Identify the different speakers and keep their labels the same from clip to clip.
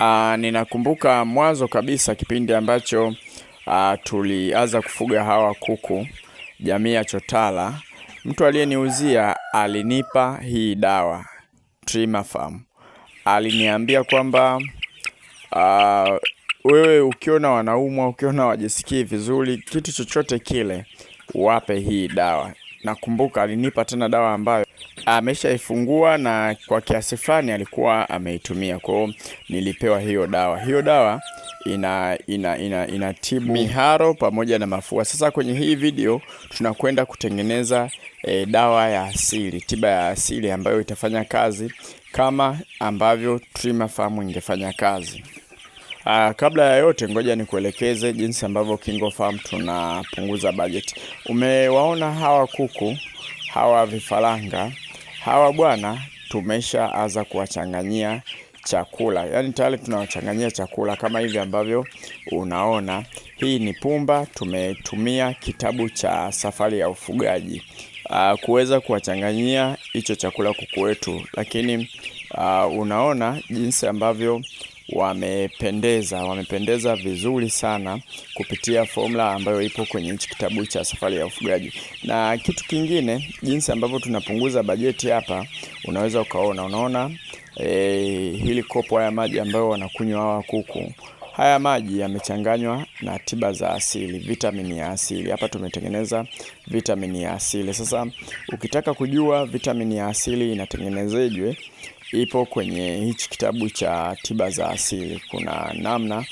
Speaker 1: Ah, ninakumbuka mwanzo kabisa kipindi ambacho ah, tulianza kufuga hawa kuku jamii ya chotara. Mtu aliyeniuzia alinipa hii dawa Trimafam. Aliniambia kwamba ah, wewe ukiona wanaumwa, ukiona wajisikii vizuri, kitu chochote kile, wape hii dawa. Nakumbuka alinipa tena dawa ambayo ameshaifungua na kwa kiasi fulani alikuwa ameitumia. Kwa hiyo nilipewa hiyo dawa. Hiyo dawa ina ina ina inatibu miharo pamoja na mafua. Sasa kwenye hii video tunakwenda kutengeneza e, dawa ya asili, tiba ya asili ambayo itafanya kazi kama ambavyo Trimafarm ingefanya kazi. Uh, kabla ya yote ngoja nikuelekeze jinsi ambavyo KingoFarm tunapunguza bajeti. Umewaona hawa kuku hawa vifaranga hawa bwana, tumesha aza kuwachanganyia chakula, yaani tayari tunawachanganyia chakula kama hivi ambavyo unaona. Hii ni pumba, tumetumia kitabu cha Safari ya Ufugaji uh, kuweza kuwachanganyia hicho chakula kuku wetu, lakini uh, unaona jinsi ambavyo wamependeza, wamependeza vizuri sana kupitia formula ambayo ipo kwenye hichi kitabu cha Safari ya Ufugaji. Na kitu kingine, jinsi ambavyo tunapunguza bajeti hapa, unaweza ukaona, unaona e, hili kopo, haya maji ambayo wanakunywa hawa kuku haya maji yamechanganywa na tiba za asili, vitamini ya asili. Hapa tumetengeneza vitamini ya asili. Sasa ukitaka kujua vitamini ya asili inatengenezejwe ipo kwenye hichi kitabu cha tiba za asili. Kuna namna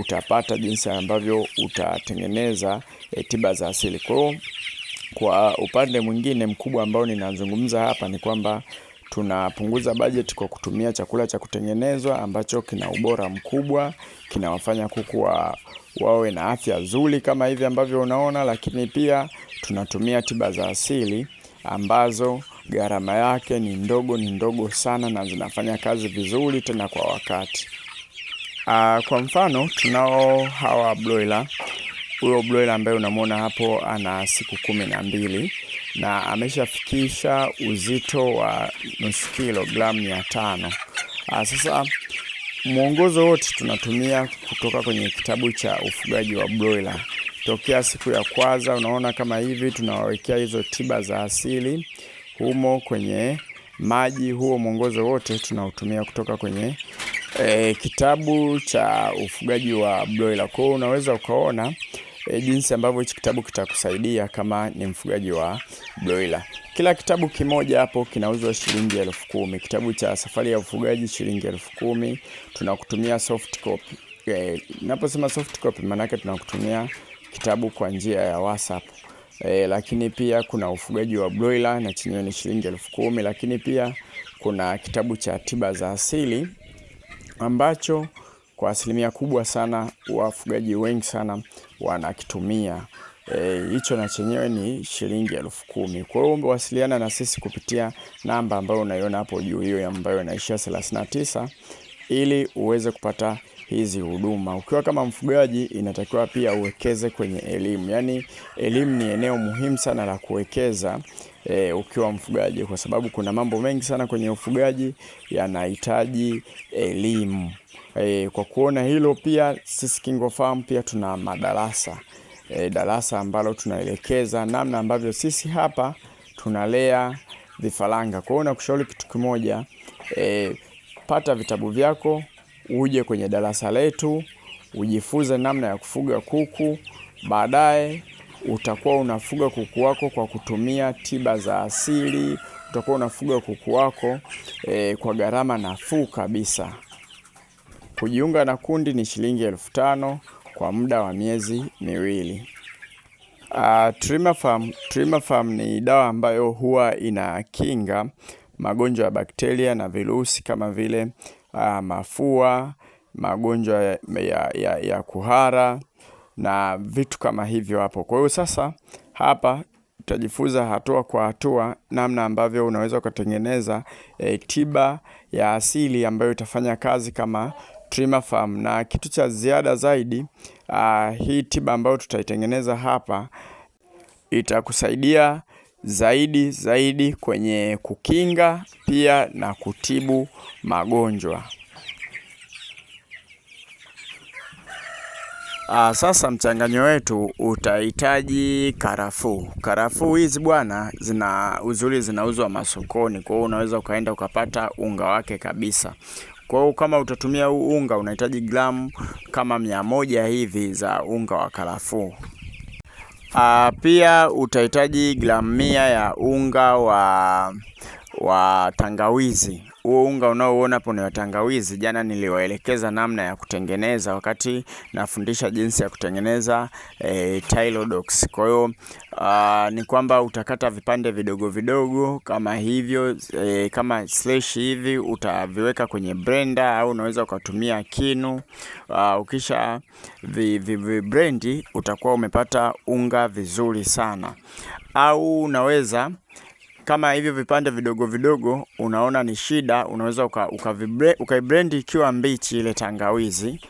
Speaker 1: utapata jinsi ambavyo utatengeneza e, tiba za asili. Kwa hiyo kwa upande mwingine mkubwa ambao ninazungumza hapa ni kwamba tunapunguza bajeti kwa kutumia chakula cha kutengenezwa ambacho kina ubora mkubwa, kinawafanya kuku wa wawe na afya nzuri kama hivi ambavyo unaona, lakini pia tunatumia tiba za asili ambazo gharama yake ni ndogo, ni ndogo sana, na zinafanya kazi vizuri tena kwa wakati. Aa, ah, kwa mfano tunao hawa broiler. Huyo broiler ambaye unamwona hapo ana siku kumi na mbili na ameshafikisha uzito wa nusu kilogramu mia tano. Ah, sasa mwongozo wote tunatumia kutoka kwenye kitabu cha ufugaji wa broiler. Tokea siku ya kwanza, unaona kama hivi tunawawekea hizo tiba za asili humo kwenye maji. Huo mwongozo wote tunautumia kutoka kwenye e, kitabu cha ufugaji wa broiler. Kwa hiyo unaweza ukaona e, jinsi ambavyo hichi kitabu kitakusaidia kama ni mfugaji wa broiler. Kila kitabu kimoja hapo kinauzwa shilingi elfu kumi. Kitabu cha safari ya ufugaji shilingi elfu kumi. Tunakutumia soft copy. E, naposema soft copy maanake tunakutumia kitabu kwa njia ya WhatsApp e, lakini pia kuna ufugaji wa broiler na chenyewe ni shilingi elfu kumi. Lakini pia kuna kitabu cha tiba za asili ambacho kwa asilimia kubwa sana wafugaji wengi sana wanakitumia eh, hicho e, na chenyewe ni shilingi elfu kumi. Kwa hiyo wasiliana na sisi kupitia namba ambayo unaiona hapo juu, hiyo ambayo inaishia 39 ili uweze kupata hizi huduma. Ukiwa kama mfugaji, inatakiwa pia uwekeze kwenye elimu, yaani elimu ni eneo muhimu sana la kuwekeza E, ukiwa mfugaji kwa sababu kuna mambo mengi sana kwenye ufugaji yanahitaji elimu. E, kwa kuona hilo pia sisi KingoFarm pia tuna madarasa e, darasa ambalo tunaelekeza namna ambavyo sisi hapa tunalea vifaranga. Kwa hiyo nakushauri kitu kimoja, e, pata vitabu vyako uje kwenye darasa letu ujifunze namna ya kufuga kuku. Baadaye utakuwa unafuga kuku wako kwa kutumia tiba za asili, utakuwa unafuga kuku wako e, kwa gharama nafuu kabisa. Kujiunga na kundi ni shilingi elfu tano kwa muda wa miezi miwili. Uh, ah, Trimafam, Trimafam ni dawa ambayo huwa inakinga magonjwa ya bakteria na virusi kama vile Ah, mafua, magonjwa ya, ya, ya kuhara na vitu kama hivyo hapo. Kwa hiyo sasa hapa tutajifunza hatua kwa hatua namna ambavyo unaweza ukatengeneza e, tiba ya asili ambayo itafanya kazi kama Trimafam. Na kitu cha ziada zaidi a, ah, hii tiba ambayo tutaitengeneza hapa itakusaidia zaidi zaidi kwenye kukinga pia na kutibu magonjwa. Aa, ah, sasa mchanganyo wetu utahitaji karafuu. Karafuu hizi bwana zina uzuri, zinauzwa masokoni, kwa hiyo unaweza ukaenda ukapata unga wake kabisa. Kwa hiyo kama utatumia huu unga unahitaji gramu kama mia moja hivi za unga wa karafuu. Uh, pia utahitaji gramu mia ya unga wa wa tangawizi huo unga unaouona hapo ni watangawizi. Jana niliwaelekeza namna ya kutengeneza wakati nafundisha jinsi ya kutengeneza e, eh, Tylodox. Kwa hiyo ah, ni kwamba utakata vipande vidogo vidogo kama hivyo e, kama slash hivi utaviweka kwenye blender au unaweza ukatumia kinu. Aa, ah, ukisha vi, vi, vi blend utakuwa umepata unga vizuri sana, au unaweza kama hivyo vipande vidogo vidogo unaona ni shida, unaweza ukaibrendi uka ikiwa mbichi ile tangawizi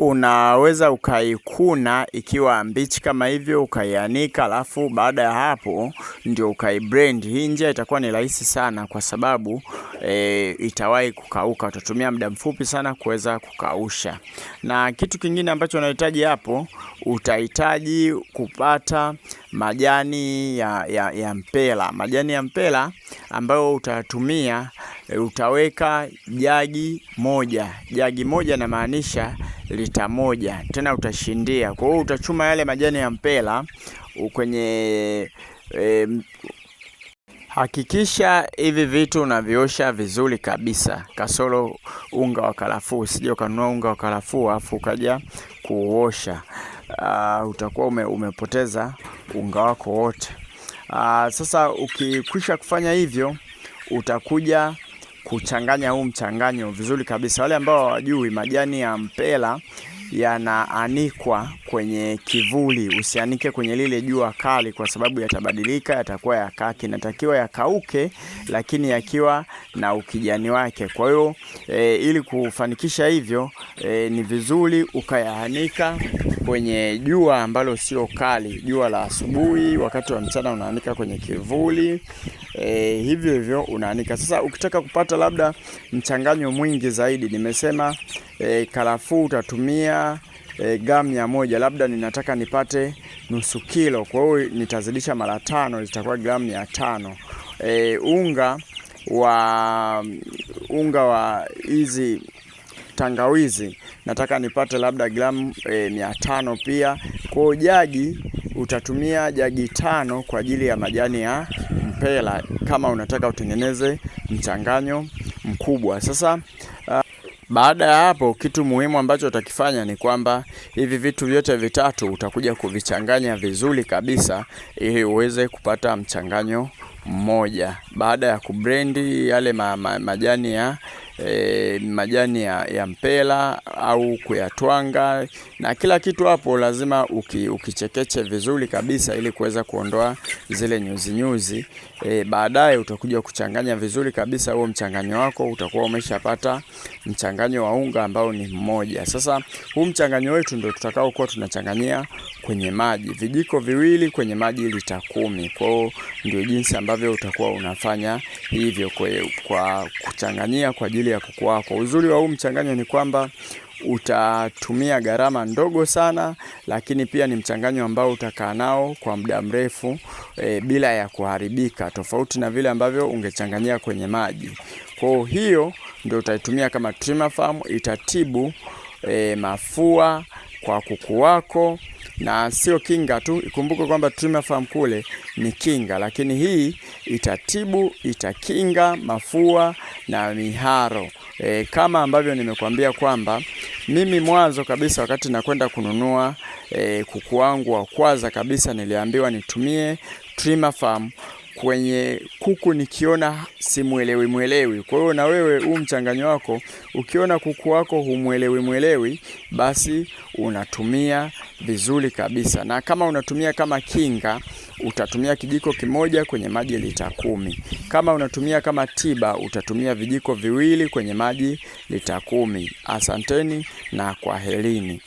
Speaker 1: unaweza ukaikuna ikiwa mbichi kama hivyo, ukaianika, alafu baada ya hapo ndio ukaibrand. Hii njia itakuwa ni rahisi sana kwa sababu e, itawahi kukauka, utatumia muda mfupi sana kuweza kukausha. Na kitu kingine ambacho unahitaji hapo, utahitaji kupata majani ya, ya, ya mpela, majani ya mpela ambayo utatumia utaweka jagi moja, jagi moja namaanisha lita moja, tena utashindia. Kwa hiyo utachuma yale majani ya mpela kwenye e, Hakikisha hivi vitu unaviosha vizuri kabisa, kasoro unga wa karafuu. Usije ukanunua unga wa karafuu afu ukaja kuuosha. Uh, utakuwa ume, umepoteza unga wako wote. Uh, sasa ukikwisha kufanya hivyo utakuja kuchanganya huu mchanganyo vizuri kabisa. Wale ambao hawajui majani ya mpela yanaanikwa kwenye kivuli. Usianike kwenye lile jua kali, kwa sababu yatabadilika, yatakuwa yakaki. natakiwa yakauke, lakini yakiwa na ukijani wake. Kwa hiyo e, ili kufanikisha hivyo e, ni vizuri ukayaanika kwenye jua ambalo sio kali, jua la asubuhi. Wakati wa mchana unaanika kwenye kivuli e, hivyo hivyo unaanika. Sasa ukitaka kupata labda mchanganyo mwingi zaidi, nimesema e, karafuu utatumia ninatumia e, eh, gramu mia moja, labda ninataka nipate nusu kilo, kwa hiyo nitazidisha mara tano, zitakuwa gramu mia tano. E, unga wa unga wa hizi tangawizi nataka nipate labda gramu e, mia tano pia. Kwa jagi utatumia jagi tano kwa ajili ya majani ya mpela, kama unataka utengeneze mchanganyo mkubwa. Sasa baada ya hapo, kitu muhimu ambacho utakifanya ni kwamba hivi vitu vyote vitatu utakuja kuvichanganya vizuri kabisa, ili uweze kupata mchanganyo mmoja. Baada ya kubrendi yale ma, ma, majani ya e, majani ya, ya mpela au kuyatwanga na kila kitu hapo lazima uki, ukichekeche vizuri kabisa ili kuweza kuondoa zile nyuzi. e, baadaye utakuja kuchanganya vizuri kabisa. Huo mchanganyo wako utakuwa umeshapata mchanganyo wa unga ambao ni mmoja. Sasa huu mchanganyo wetu ndio tutakao kuwa tunachanganyia kwenye maji, vijiko viwili kwenye maji lita kumi. Kwa hiyo ndio jinsi ambavyo utakuwa unafanya hivyo kwa kuchanganyia kwa ajili ajili ya kuku wako. Uzuri wa huu mchanganyo ni kwamba utatumia gharama ndogo sana, lakini pia ni mchanganyo ambao utakaa nao kwa muda mrefu e, bila ya kuharibika, tofauti na vile ambavyo ungechanganyia kwenye maji. Kwa hiyo ndio utaitumia kama Trimafam, itatibu e, mafua kwa kuku wako, na sio kinga tu. Ikumbuke kwamba Trima Farm kule ni kinga, lakini hii itatibu, itakinga mafua na miharo e, kama ambavyo nimekuambia kwamba mimi mwanzo kabisa wakati nakwenda kununua e, kuku wangu wa kwanza kabisa niliambiwa nitumie Trima Farm kwenye kuku nikiona simwelewi mwelewi. Kwa hiyo na wewe huu mchanganyo wako, ukiona kuku wako humwelewi mwelewi, basi unatumia vizuri kabisa, na kama unatumia kama kinga utatumia kijiko kimoja kwenye maji lita kumi. Kama unatumia kama tiba utatumia vijiko viwili kwenye maji lita kumi. Asanteni na kwaherini.